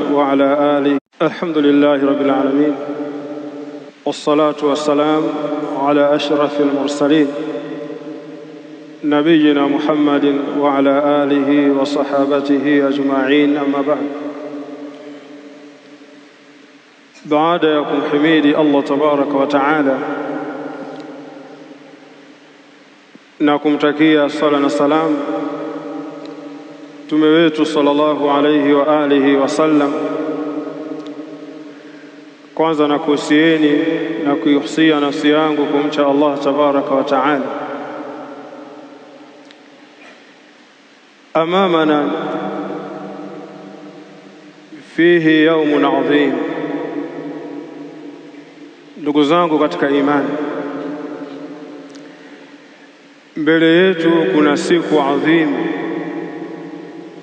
وعلى آله الحمد لله رب العالمين والصلاة والسلام على أشرف المرسلين نبينا محمد وعلى آله وصحابته أجمعين أما بعد بعد يقوم حميدي الله تبارك وتعالى نقوم تكيا الصلاة والسلام mtume wetu sallallahu alayhi wa alihi wasallam. Kwanza nakuhusieni na kuihusia nafsi yangu kumcha Allah tabaraka wa taala. Amamana fihi yaumun adhim, ndugu zangu katika imani, mbele yetu kuna siku adhimu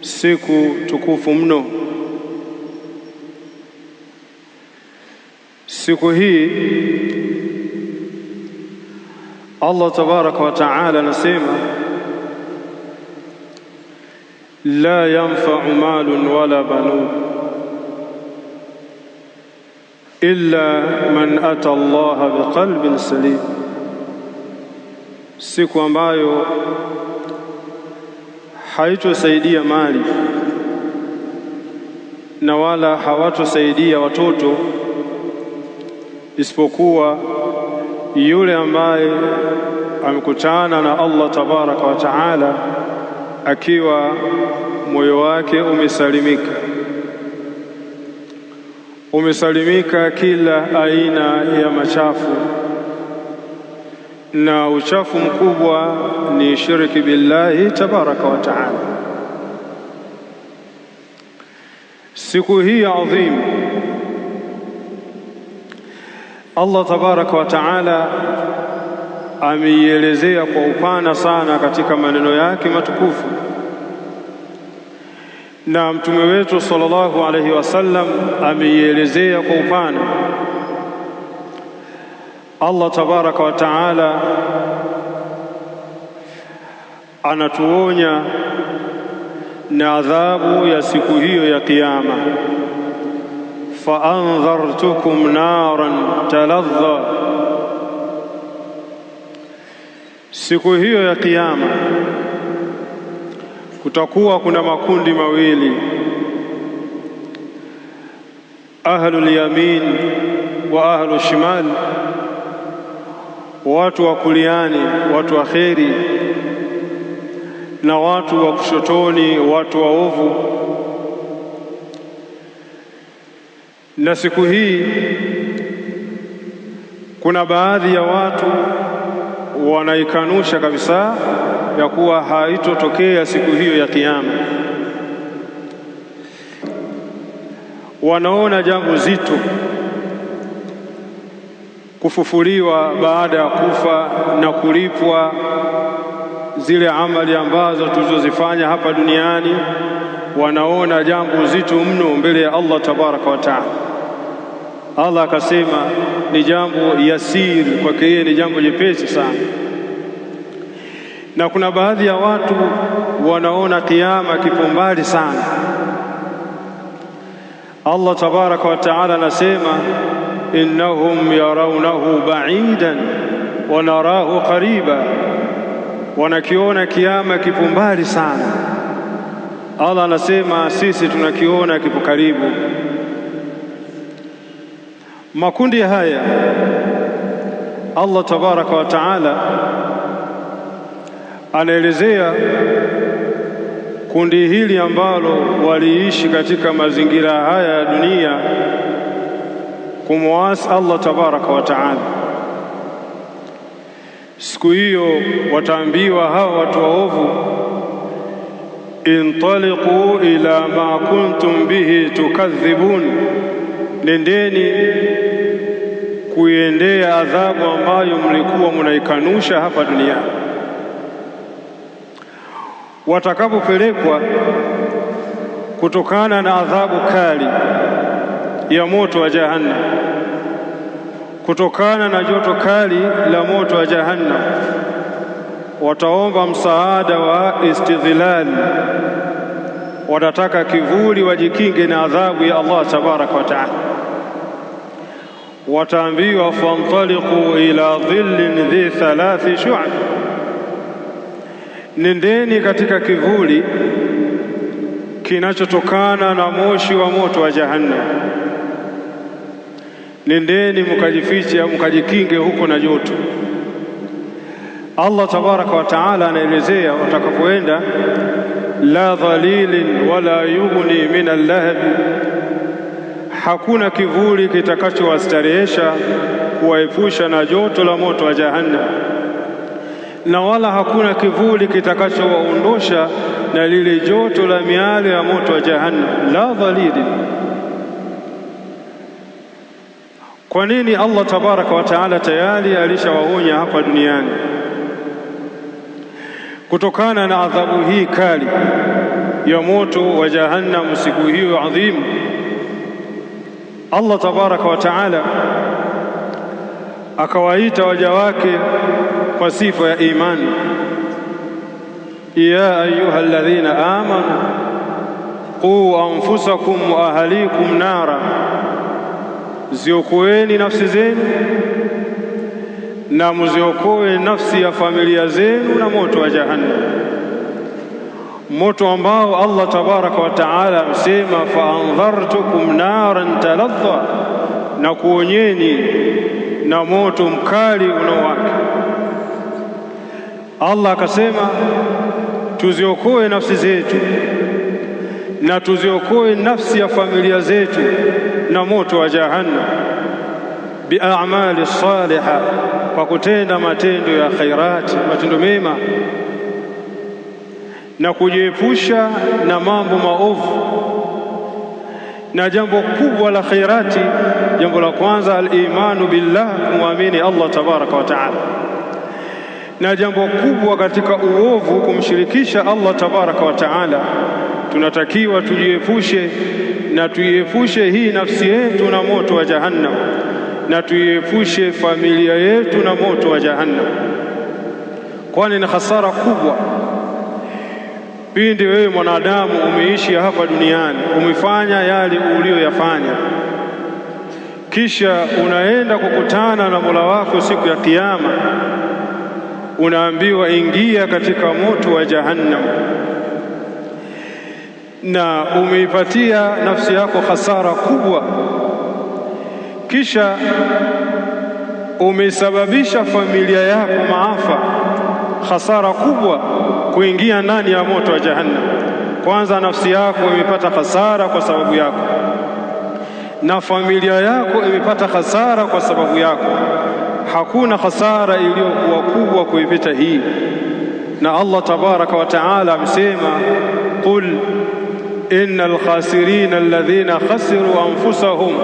siku tukufu mno. Siku hii Allah tabaraka wa taala anasema, la yanfau malun wala banun illa man ata Allah biqalbin salim, siku ambayo haitosaidia mali na wala hawatosaidia watoto isipokuwa yule ambaye amekutana na Allah tabaraka wa taala akiwa moyo wake umesalimika, umesalimika kila aina ya machafu na uchafu mkubwa ni shirki billahi tabaraka wa taala. Siku hii adhimu Allah tabaraka wa taala ameielezea kwa upana sana katika maneno yake matukufu, na mtume wetu sallallahu alaihi wasallam ameielezea kwa upana Allah tabaraka wa taala anatuonya na adhabu ya siku hiyo ya Kiyama. fa andhartukum naran taladha, siku hiyo ya Kiyama kutakuwa kuna makundi mawili, ahlul yamin wa ahlul shimal watu wa kuliani, watu wa kheri, na watu wa kushotoni, watu wa ovu Na siku hii kuna baadhi ya watu wanaikanusha kabisa ya kuwa haitotokea siku hiyo ya Kiyama. Wanaona jambo zito kufufuliwa baada ya kufa na kulipwa zile amali ambazo tulizozifanya hapa duniani, wanaona jambo zito mno mbele ya Allah tabaraka wa taala. Allah akasema ni jambo yasiri kwake yeye, ni jambo jepesi sana. Na kuna baadhi ya watu wanaona kiama kipo mbali sana. Allah tabaraka wa taala anasema innahum yaraunahu baidan wanarahu qariba, wanakiona kiama kipo mbali sana. Allah anasema sisi tunakiona kipo karibu. Makundi haya Allah tabaraka wa taala anaelezea kundi hili ambalo waliishi katika mazingira haya ya dunia kumwasi Allah tabaraka wa taala. Siku hiyo wataambiwa hawa watu waovu, intaliqu ila ma kuntum bihi tukadhibun, nendeni kuiendea adhabu ambayo mlikuwa mnaikanusha hapa duniani. Watakapopelekwa kutokana na adhabu kali ya moto wa Jahannam kutokana na joto kali la moto wa Jahannam, wataomba msaada wa istidhilal, watataka kivuli, wajikinge na adhabu ya Allah tabaraka wa taala. Wataambiwa fantaliqu ila dhillin dhi thalathi shu'ab, nendeni katika kivuli kinachotokana na moshi wa moto wa Jahannam nendeni mkajifiche au mkajikinge huko na joto. Allah tabaraka wa taala anaelezea watakapoenda, la dhalilin wala yughni min allahab, hakuna kivuli kitakachowastarehesha kuwaepusha na joto la moto wa Jahannam, na wala hakuna kivuli kitakachowaondosha na lile joto la miale ya moto wa Jahannam. La dhalilin kwa nini Allah tabaraka wa taala tayari alishawaonya hapa duniani kutokana na adhabu hii kali ya moto wa Jahannam siku hiyo adhimu. Allah tabaraka wa taala akawaita waja wake kwa sifa ya imani, ya ayuha alladhina amanu qu anfusakum wa ahlikum nara ziokoeni nafsi zenu na muziokoe nafsi ya familia zenu na moto wa Jahannam, moto ambao Allah tabaraka wa taala amsema faandhartukum naran taladha, na kuonyeni na moto mkali unaowaka. Allah akasema tuziokoe nafsi zetu na tuziokoe nafsi ya familia zetu na moto wa jahannam, biamali saliha, kwa kutenda matendo ya khairati, matendo mema, na kujiepusha na mambo maovu. Na jambo kubwa la khairati, jambo la kwanza, alimanu billah, kumwamini Allah tabaraka wa taala na jambo kubwa katika uovu kumshirikisha Allah tabaraka wa taala. Tunatakiwa tujiepushe na tuiepushe hii nafsi yetu na moto wa Jahannam, na tuiepushe familia yetu na moto wa Jahannam, kwani ni hasara kubwa pindi wewe mwanadamu umeishi hapa duniani umefanya yale uliyoyafanya, kisha unaenda kukutana na Mola wako siku ya Kiyama unaambiwa ingia katika moto wa Jahannam, na umeipatia nafsi yako hasara kubwa, kisha umesababisha familia yako maafa, hasara kubwa, kuingia ndani ya moto wa Jahannam. Kwanza nafsi yako imepata hasara kwa sababu yako, na familia yako imepata hasara kwa sababu yako hakuna khasara iliyokuwa kubwa kuipita hii. Na Allah tabaraka wa taala amesema, qul innal khasirin alladhina khasiru anfusahum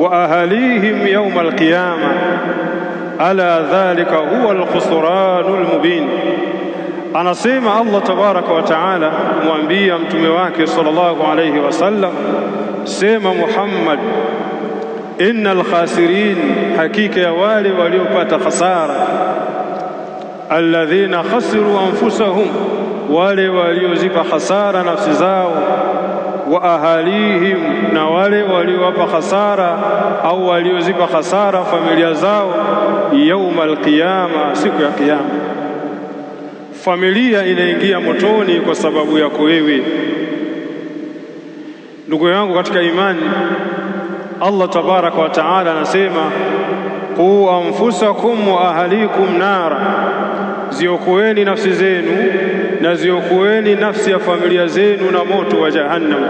wa ahalihim yawm alqiyama ala dhalika huwa alkhusranu almubin. Anasema Allah tabaraka wa taala kumwambia mtume wake sallallahu alayhi wasallam, sema Muhammad innal khasirin, hakika ya wale waliopata khasara. Alladhina khasiru anfusahum, wale waliozipa khasara nafsi zao. Wa ahalihim, na wale waliowapa khasara au waliozipa khasara familia zao. yauma qiyama, siku ya Kiyama. Familia inaingia motoni kwa sababu yako wewe, ndugu yangu katika imani. Allah tabaraka wa taala anasema qu anfusakum wa ahlikum nara, ziokoeni nafsi zenu na ziokoeni nafsi ya familia zenu na moto wa Jahannam.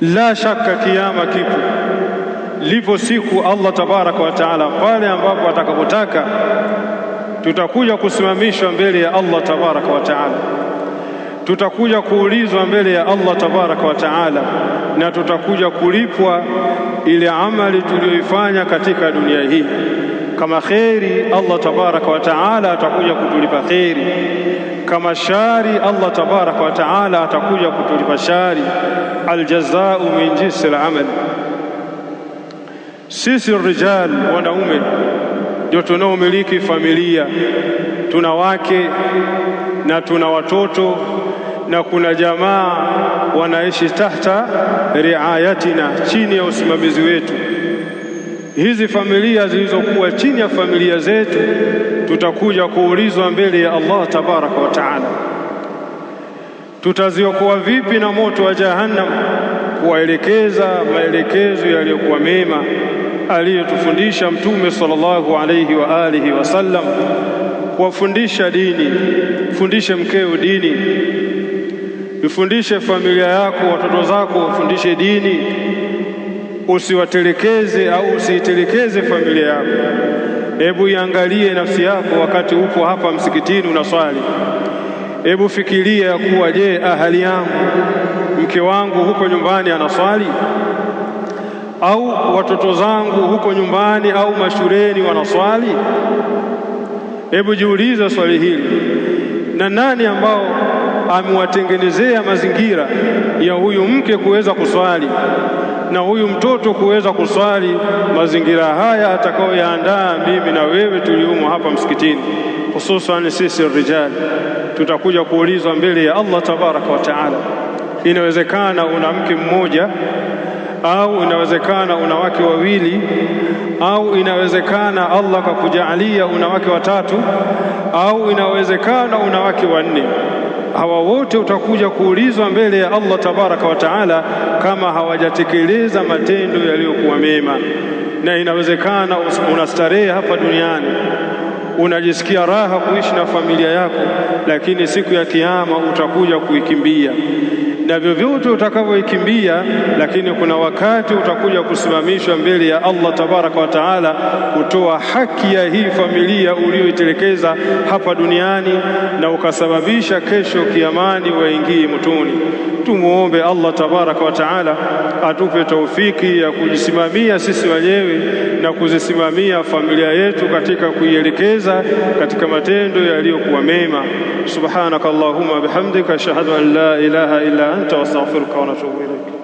La shaka kiama kipo, lipo siku Allah tabaraka wa taala pale ambapo atakapotaka tutakuja kusimamishwa mbele ya Allah tabaraka wa taala tutakuja kuulizwa mbele ya Allah tabaraka wa taala, na tutakuja kulipwa ile amali tuliyoifanya katika dunia hii. Kama kheri, Allah tabaraka wa taala atakuja kutulipa kheri. Kama shari, Allah tabaraka wa taala atakuja kutulipa shari. Aljazau min jinsi al-amal. Sisi rijal, wanaume ndio tunaomiliki familia, tuna wake na tuna watoto na kuna jamaa wanaishi tahta riayatina, chini ya usimamizi wetu. Hizi familia zilizokuwa chini ya familia zetu tutakuja kuulizwa mbele ya Allah tabaraka wa taala. Tutaziokoa vipi na moto wa Jahannam? Kuwaelekeza maelekezo yaliyokuwa mema aliyotufundisha Mtume sallallahu alayhi wa alihi wasallam, kuwafundisha dini. Fundishe mkeo dini Ifundishe familia yako, watoto zako, wafundishe dini. Usiwatelekeze au usiitelekeze familia yako. Hebu iangalie nafsi yako wakati upo hapa msikitini unaswali. Hebu fikiria kuwa, je, ahali yangu, mke wangu huko nyumbani anaswali au watoto zangu huko nyumbani au mashuleni wanaswali? Hebu jiulize swali hili. Na nani ambao amewatengenezea mazingira ya huyu mke kuweza kuswali na huyu mtoto kuweza kuswali, mazingira haya atakayoyaandaa mimi na wewe tuliumo hapa msikitini, hususan sisi rijali, tutakuja kuulizwa mbele ya Allah tabaraka wa taala. Inawezekana una mke mmoja au inawezekana una wake wawili au inawezekana Allah kakujaalia una wake watatu au inawezekana una wake wanne hawa wote utakuja kuulizwa mbele ya Allah tabaraka wa taala, kama hawajatekeleza matendo yaliyokuwa mema. Na inawezekana unastarehe hapa duniani, unajisikia raha kuishi na familia yako, lakini siku ya Kiyama utakuja kuikimbia na vyovyote utakavyoikimbia, lakini kuna wakati utakuja kusimamishwa mbele ya Allah tabaraka wa taala, kutoa haki ya hii familia uliyoitelekeza hapa duniani na ukasababisha kesho kiamani waingie motoni tumuombe Allah tabaraka wa taala atupe taufiki ya kujisimamia sisi wenyewe na kuzisimamia familia yetu katika kuielekeza katika matendo yaliyokuwa mema. Subhanaka Allahumma bihamdika ashhadu an la ilaha illa anta astaghfiruka wa natubu ilaik.